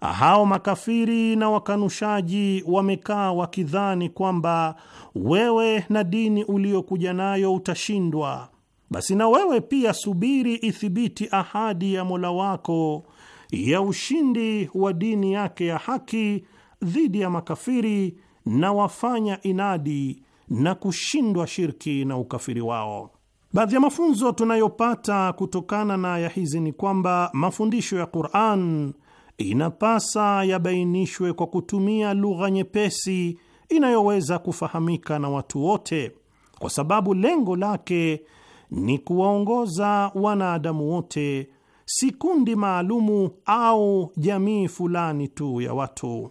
Hao makafiri na wakanushaji wamekaa wakidhani kwamba wewe na dini uliyokuja nayo utashindwa. Basi na wewe pia subiri ithibiti ahadi ya Mola wako ya ushindi wa dini yake ya haki dhidi ya makafiri na wafanya inadi na kushindwa shirki na ukafiri wao. Baadhi ya mafunzo tunayopata kutokana na aya hizi ni kwamba mafundisho ya Qur'an inapasa yabainishwe kwa kutumia lugha nyepesi inayoweza kufahamika na watu wote, kwa sababu lengo lake ni kuwaongoza wanadamu wote, si kundi maalumu au jamii fulani tu ya watu.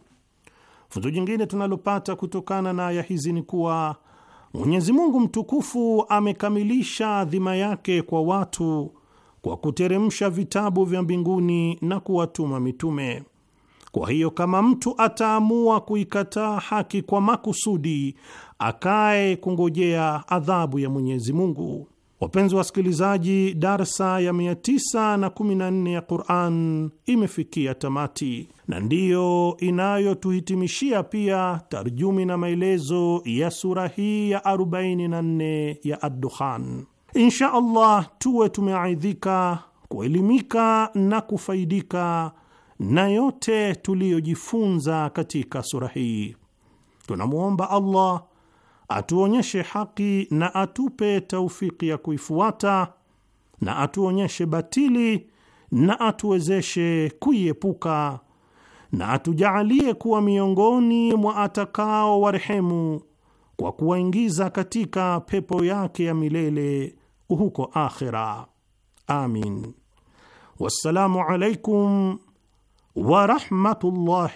Funzo jingine tunalopata kutokana na aya hizi ni kuwa Mwenyezi Mungu mtukufu amekamilisha dhima yake kwa watu kwa kuteremsha vitabu vya mbinguni na kuwatuma mitume. Kwa hiyo kama mtu ataamua kuikataa haki kwa makusudi, akae kungojea adhabu ya Mwenyezi Mungu. Wapenzi wasikilizaji, darsa ya 914 ya Quran imefikia tamati na ndiyo inayotuhitimishia pia tarjumi na maelezo ya sura hii ya 44 ya Addukhan. Insha Allah tuwe tumeaidhika, kuelimika na kufaidika na yote tuliyojifunza katika sura hii. Tunamwomba Allah atuonyeshe haki na atupe taufiki ya kuifuata na atuonyeshe batili na atuwezeshe kuiepuka na atujaalie kuwa miongoni mwa atakao warehemu kwa kuwaingiza katika pepo yake ya milele huko akhera. Amin. Wassalamu alaikum ورحمة الله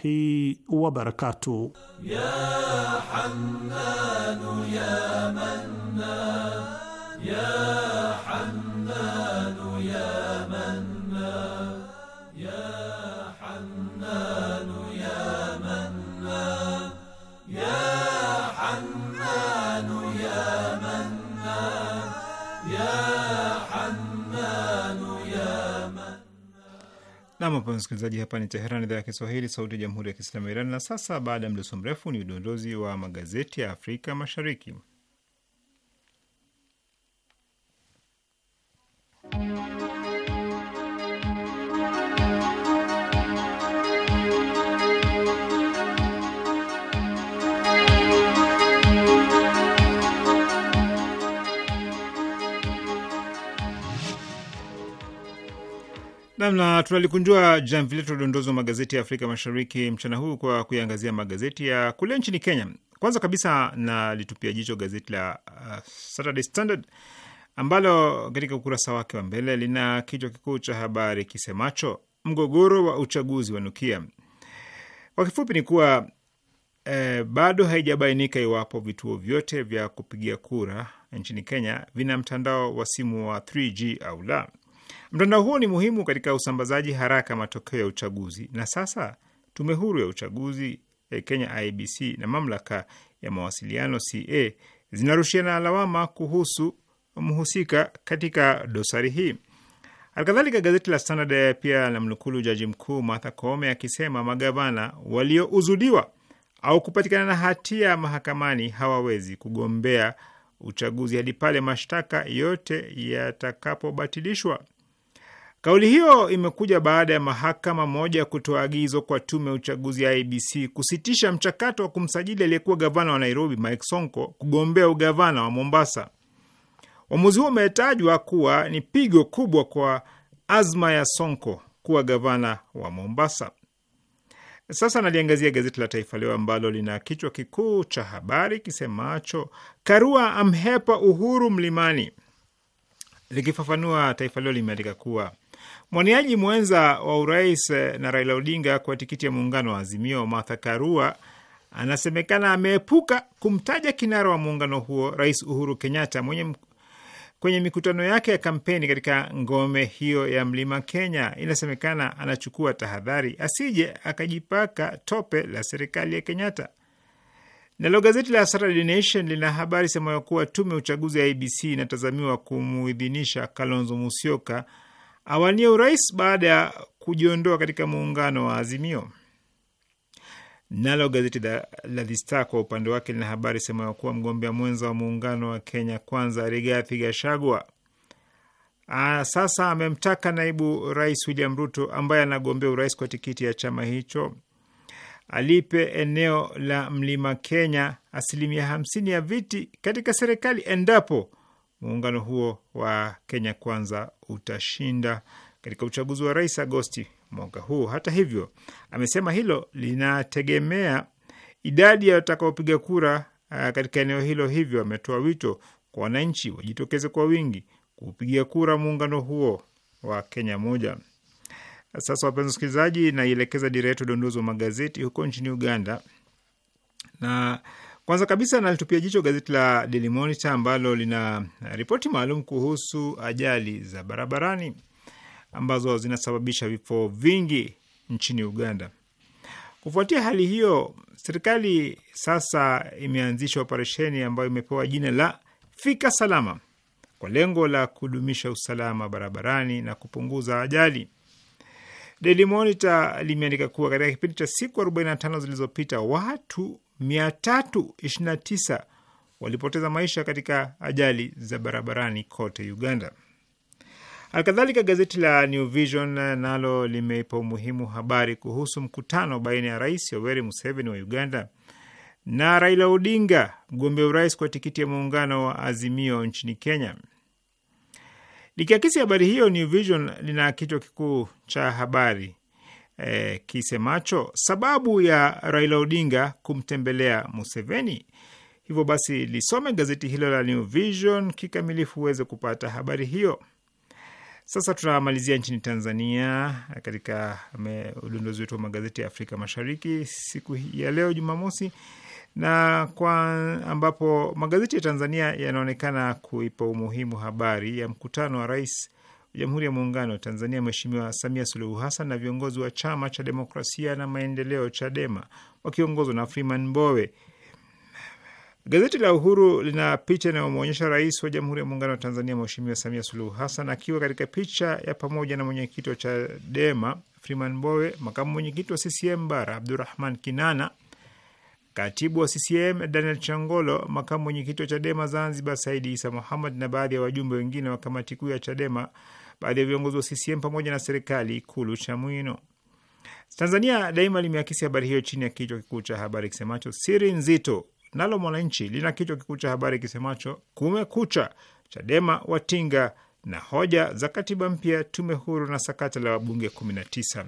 وبركاته يا حنان يا منان يا حنان Nam, wapenzi msikilizaji, hapa ni Teheran, idhaa ya Kiswahili, sauti ya jamhuri ya kiislamu ya Iran. Na sasa baada ya mdoso mrefu ni udondozi wa magazeti ya Afrika Mashariki. Namna tunalikunjua jamvi letu dondozo magazeti ya Afrika Mashariki mchana huu kwa kuiangazia magazeti ya kule nchini Kenya. Kwanza kabisa nalitupia jicho gazeti la uh, Saturday Standard ambalo katika ukurasa wake wa mbele lina kichwa kikuu cha habari kisemacho mgogoro wa uchaguzi wa nukia. Kwa kifupi ni kuwa eh, bado haijabainika iwapo vituo vyote vya kupigia kura nchini Kenya vina mtandao wa simu wa 3G au la. Mtandao huo ni muhimu katika usambazaji haraka matokeo ya uchaguzi, na sasa tume huru ya uchaguzi ya eh, Kenya IBC na mamlaka ya mawasiliano CA zinarushiana lawama kuhusu mhusika katika dosari hii. Halikadhalika, gazeti la Standard eh, pia namnukulu jaji mkuu Martha Koome akisema magavana waliouzuliwa au kupatikana na hatia mahakamani hawawezi kugombea uchaguzi hadi pale mashtaka yote yatakapobatilishwa. Kauli hiyo imekuja baada ya mahakama moja ya kutoa agizo kwa tume ya uchaguzi ya IBC kusitisha mchakato wa kumsajili aliyekuwa gavana wa Nairobi Mike Sonko kugombea ugavana wa Mombasa. Uamuzi huo umetajwa kuwa ni pigo kubwa kwa azma ya Sonko kuwa gavana wa Mombasa. Sasa naliangazia gazeti la Taifa Leo ambalo lina kichwa kikuu cha habari kisemacho Karua amhepa Uhuru mlimani. Likifafanua, Taifa Leo limeandika kuwa Mwaniaji mwenza wa urais eh, na Raila Odinga kwa tikiti ya muungano wa Azimio, Martha Karua anasemekana ameepuka kumtaja kinara wa muungano huo Rais Uhuru Kenyatta mwenye kwenye mikutano yake ya kampeni katika ngome hiyo ya Mlima Kenya. Inasemekana anachukua tahadhari asije akajipaka tope la serikali ya Kenyatta. Nalo gazeti la Saturday Nation lina habari semayo kuwa tume ya uchaguzi ya IBC inatazamiwa kumuidhinisha Kalonzo Musyoka awanie urais baada ya kujiondoa katika muungano wa Azimio. Nalo gazeti la The Star kwa upande wake lina habari ya kuwa mgombea mwenza wa muungano wa Kenya Kwanza, Rigathi Gachagua sasa amemtaka naibu rais William Ruto ambaye anagombea urais kwa tikiti ya chama hicho alipe eneo la Mlima Kenya asilimia hamsini ya viti katika serikali endapo muungano huo wa Kenya Kwanza utashinda katika uchaguzi wa rais Agosti mwaka huu. Hata hivyo, amesema hilo linategemea idadi ya watakaopiga kura uh, katika eneo hilo, hivyo ametoa wito kwa wananchi wajitokeze kwa wingi kupigia kura muungano huo wa Kenya moja. Sasa wapenzi wasikilizaji, naielekeza dira yetu dondozi wa magazeti huko nchini Uganda na kwanza kabisa nalitupia jicho gazeti la Daily Monitor ambalo lina ripoti maalum kuhusu ajali za barabarani ambazo zinasababisha vifo vingi nchini Uganda. Kufuatia hali hiyo, serikali sasa imeanzisha operesheni ambayo imepewa jina la Fika Salama kwa lengo la kudumisha usalama barabarani na kupunguza ajali. Daily Monitor limeandika kuwa katika kipindi cha siku 45 zilizopita watu 329 walipoteza maisha katika ajali za barabarani kote Uganda. Alkadhalika, gazeti la New Vision nalo limeipa umuhimu habari kuhusu mkutano baina ya Rais Yoweri Museveni wa Uganda na Raila Odinga, mgombea urais kwa tikiti ya muungano wa Azimio nchini Kenya. Likiakisi habari hiyo, New Vision lina kichwa kikuu cha habari eh, kisemacho sababu ya Raila Odinga kumtembelea Museveni. Hivyo basi lisome gazeti hilo la New Vision kikamilifu uweze kupata habari hiyo. Sasa tunamalizia nchini Tanzania katika udondozi wetu wa magazeti ya Afrika Mashariki siku ya leo Jumamosi, na kwa ambapo magazeti ya Tanzania yanaonekana kuipa umuhimu habari ya mkutano wa rais wa Jamhuri ya Muungano wa Tanzania Mheshimiwa Samia Suluhu Hassan na viongozi wa Chama cha Demokrasia na Maendeleo CHADEMA wakiongozwa na Freeman Mbowe. Gazeti la Uhuru lina picha inayomwonyesha Rais wa Jamhuri ya Muungano wa Tanzania Mheshimiwa Samia Suluhu Hassan akiwa katika picha ya pamoja na mwenyekiti wa CHADEMA Freeman Mbowe, makamu mwenyekiti wa CCM Bara Abdurahman Kinana katibu wa CCM Daniel Changolo, makamu mwenyekiti wa Chadema Zanzibar Saidi Isa Muhammad na baadhi ya wajumbe wengine wa kamati kuu ya Chadema, baadhi ya viongozi wa CCM pamoja na serikali, Ikulu Chamwino. Tanzania Daima limeakisi habari hiyo chini ya kichwa kikuu cha habari kisemacho siri nzito. Nalo Mwananchi lina kichwa kikuu cha habari kisemacho kumekucha, Chadema watinga na hoja za katiba mpya, tume huru na sakata la wabunge 19.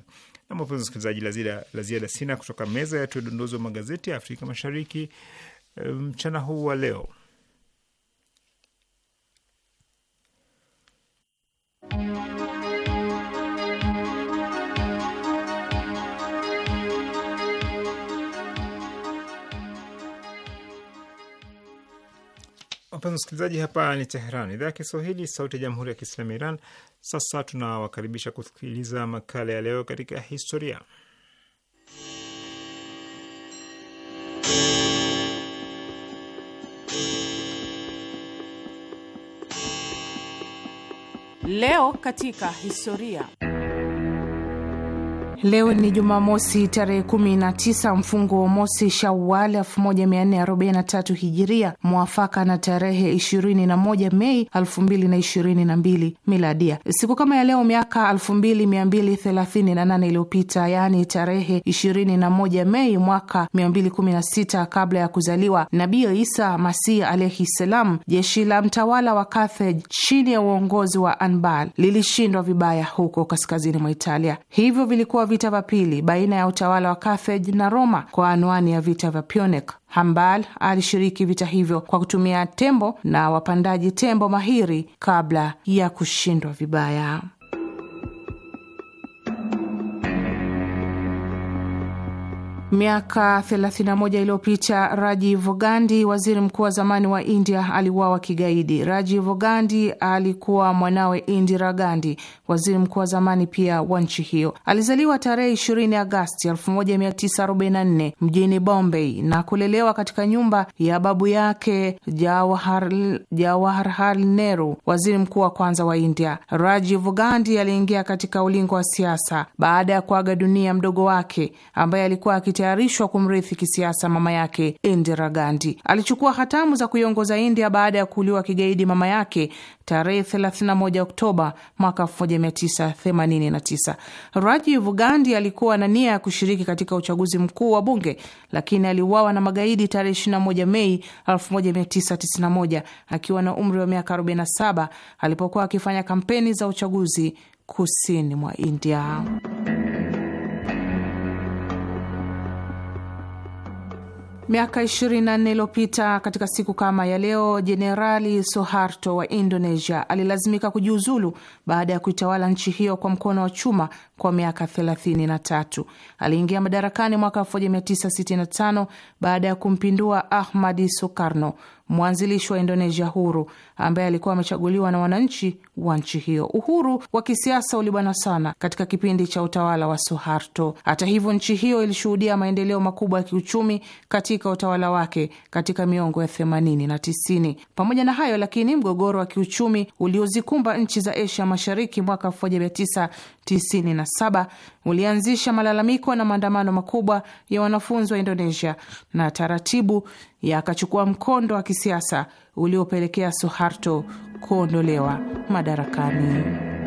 Na mapenzi msikilizaji, la ziada sina kutoka meza yetu ya udondozi wa magazeti ya Afrika Mashariki eh, mchana um, huu wa leo. Mpenzi msikilizaji, hapa ni Teheran, idhaa ya Kiswahili, sauti ya jamhuri ya kiislamu ya Iran. Sasa tunawakaribisha kusikiliza makala ya leo katika historia. Leo katika historia. Leo ni Jumamosi tarehe 19 mfungo mosi Shawal 1443 hijiria mwafaka na tarehe 21 Mei 2022 miladia. Siku kama ya leo miaka 2238 iliyopita, yaani tarehe 21 Mei mwaka 216 kabla ya kuzaliwa Nabii Isa Masih alaihi ssalam, jeshi la mtawala wa Carthage chini ya uongozi wa Anbal lilishindwa vibaya huko kaskazini mwa Italia, hivyo vilikuwa vita vya pili baina ya utawala wa Carthage na Roma kwa anwani ya vita vya Punic. hambal alishiriki vita hivyo kwa kutumia tembo na wapandaji tembo mahiri kabla ya kushindwa vibaya. Miaka 31 iliyopita Rajiv Gandhi, waziri mkuu wa zamani wa India, aliuawa kigaidi. Rajiv Gandhi alikuwa mwanawe Indira Gandhi, waziri mkuu wa zamani pia wa nchi hiyo. Alizaliwa tarehe 20 Agasti 1944 mjini Bombay na kulelewa katika nyumba ya babu yake Jawaharlal Jawahar Nehru, waziri mkuu wa kwanza wa India. Rajiv Gandhi aliingia katika ulingo wa siasa baada ya kuaga dunia mdogo wake ambaye alikuwa akite akitayarishwa kumrithi kisiasa mama yake Indira Gandhi. Alichukua hatamu za kuiongoza India baada ya kuuliwa kigaidi mama yake tarehe 31 Oktoba mwaka 1989. Rajiv Gandhi alikuwa na nia ya kushiriki katika uchaguzi mkuu wa bunge, lakini aliuawa na magaidi tarehe 21 Mei 1991 akiwa na umri wa miaka 47 alipokuwa akifanya kampeni za uchaguzi kusini mwa India. Miaka 24 iliyopita katika siku kama ya leo, Jenerali soharto wa Indonesia alilazimika kujiuzulu baada ya kuitawala nchi hiyo kwa mkono wa chuma kwa miaka 33. Aliingia madarakani mwaka 1965 baada ya kumpindua Ahmadi Sukarno, mwanzilishi wa Indonesia huru ambaye alikuwa amechaguliwa na wananchi wa nchi hiyo. Uhuru wa kisiasa ulibana sana katika kipindi cha utawala wa Suharto. Hata hivyo, nchi hiyo ilishuhudia maendeleo makubwa ya kiuchumi katika utawala wake katika miongo ya 80 na 90. Pamoja na hayo lakini, mgogoro wa kiuchumi uliozikumba nchi za Asia Mashariki mwaka 19 97 ulianzisha malalamiko na maandamano makubwa ya wanafunzi wa Indonesia na taratibu yakachukua mkondo wa kisiasa uliopelekea Suharto kuondolewa madarakani.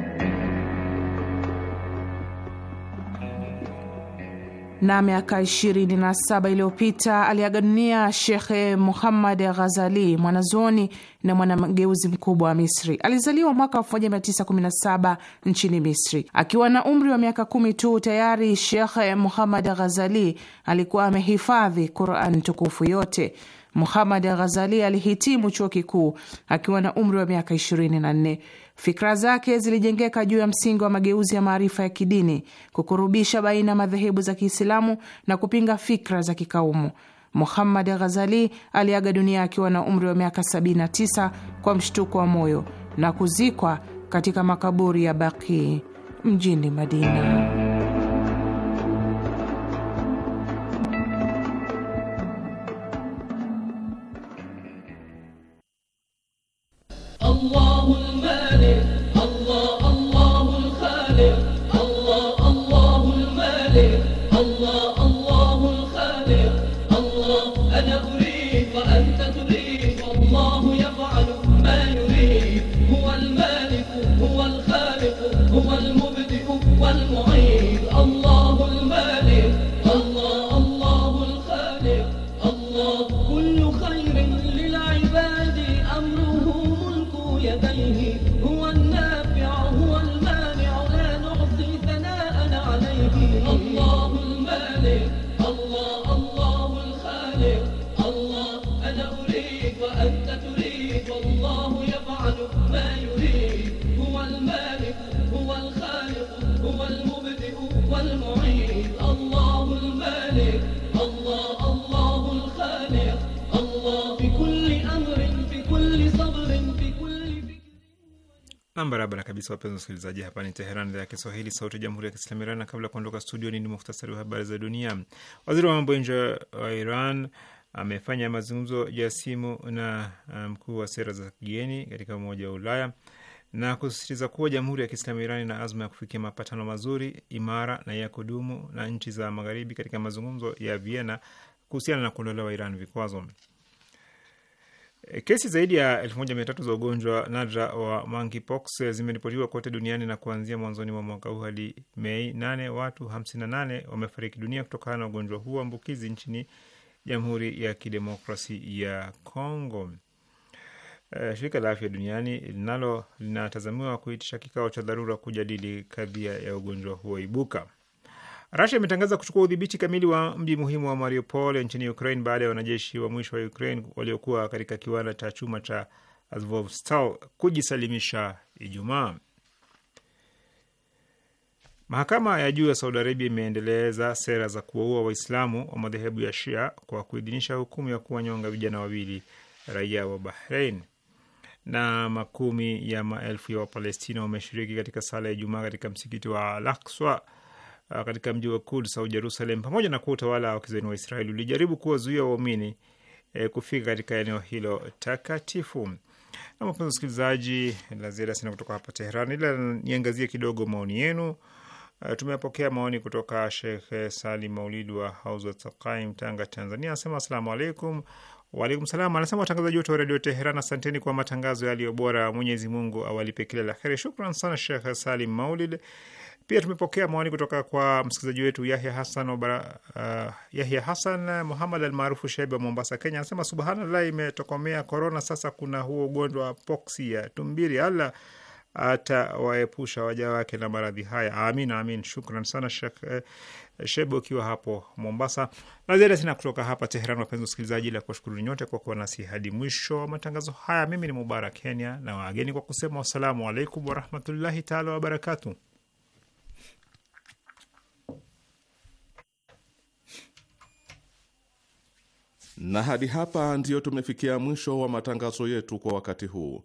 na miaka 27 iliyopita aliaga dunia Shekhe Muhammad Ghazali, mwanazuoni na mwanageuzi mkubwa wa Misri. Alizaliwa mwaka 1917 nchini Misri. Akiwa na umri wa miaka kumi tu, tayari Shekhe Muhammad Ghazali alikuwa amehifadhi Quran tukufu yote. Muhammad Ghazali alihitimu chuo kikuu akiwa na umri wa miaka 24. Fikra zake zilijengeka juu ya msingi wa mageuzi ya maarifa ya kidini, kukurubisha baina ya madhehebu za Kiislamu na kupinga fikra za kikaumu. Muhammad Ghazali aliaga dunia akiwa na umri wa miaka 79 kwa mshtuko wa moyo na kuzikwa katika makaburi ya Baqi mjini Madina. Allahu يريد وأنت تريد والله يفعل ما يريد هو المالك هو الخالق هو المبدئ والمعيد الله المالك الله الله الخالق الله أمر في كل صبر في كل nam barabara kabisa, wapenzi wasikilizaji, hapa ni Teheran, idhaa ya Kiswahili, sauti ya jamhuri ya kiislamu Iran. Na kabla ya kuondoka studio, ni muhtasari wa habari za dunia. Waziri wa mambo ya nje wa Iran amefanya mazungumzo ya simu na uh, mkuu wa sera za kigeni katika Umoja wa Ulaya na kusisitiza kuwa Jamhuri ya Kiislamu ya Iran ina azma ya kufikia mapatano mazuri, imara na ya kudumu na nchi za Magharibi katika mazungumzo ya Vienna kuhusiana na kuondolewa Iran vikwazo. Kesi zaidi ya tatu za ugonjwa nadra wa monkeypox zimeripotiwa kote duniani na kuanzia mwanzoni mwa mwaka huu hadi Mei nane watu nane wamefariki dunia kutokana na ugonjwa huu ambukizi nchini Jamhuri ya Kidemokrasi ya Kongo. Uh, shirika la afya duniani linalo linatazamiwa kuitisha kikao cha dharura kujadili kadhia ya ugonjwa huo ibuka. Rasia imetangaza kuchukua udhibiti kamili wa mji muhimu wa Mariupol nchini Ukraine baada ya wanajeshi wa mwisho wa Ukraine waliokuwa katika kiwanda cha chuma cha Azovstal kujisalimisha Ijumaa. Mahakama ya juu ya Saudi Arabia imeendeleza sera za kuwaua Waislamu wa madhehebu ya Shia kwa kuidhinisha hukumu ya kuwanyonga vijana wawili raia wa Bahrain. Na makumi ya maelfu ya Wapalestina wameshiriki katika sala ya Ijumaa katika msikiti wa Al-Aqsa uh, katika mji wa Kuds au Jerusalem, pamoja na kuwa utawala wa kizayuni wa Israeli ulijaribu kuwazuia waumini e, kufika katika eneo hilo takatifu. Na mpenzi msikilizaji, la ziada sina kutoka hapa Teheran, ila niangazie kidogo maoni yenu. Uh, tumepokea maoni kutoka Shekh Salim Maulid wa Taqaim, Tanga, Tanzania, anasema asalamu alaikum. Waalaikum salam. Anasema watangazaji wote wa Radio Teheran, asanteni kwa matangazo yaliyo bora. Mwenyezi Mungu awalipe kila la heri. Shukran sana Shekh Salim Maulid. Pia tumepokea maoni kutoka kwa msikilizaji wetu Yahya Hasan Obara, uh, Yahya Hasan Muhamad almaarufu Shaibe wa Mombasa, Kenya, anasema subhanallah, imetokomea korona, sasa kuna huo ugonjwa wa poksi ya tumbiri. Allah atawaepusha waja wake na maradhi haya. Amin, amin. Shukran sana Shek, eh, Shebo ukiwa hapo Mombasa. La ziada sina kutoka hapa Teheran, wapenzi wasikilizaji, ila kuwashukuruni nyote kwa kuwa nasi hadi mwisho wa matangazo haya. Mimi ni Mubarak Kenya na wageni kwa kusema wassalamu alaikum warahmatullahi taala wabarakatu. Na hadi hapa ndiyo tumefikia mwisho wa matangazo yetu kwa wakati huu.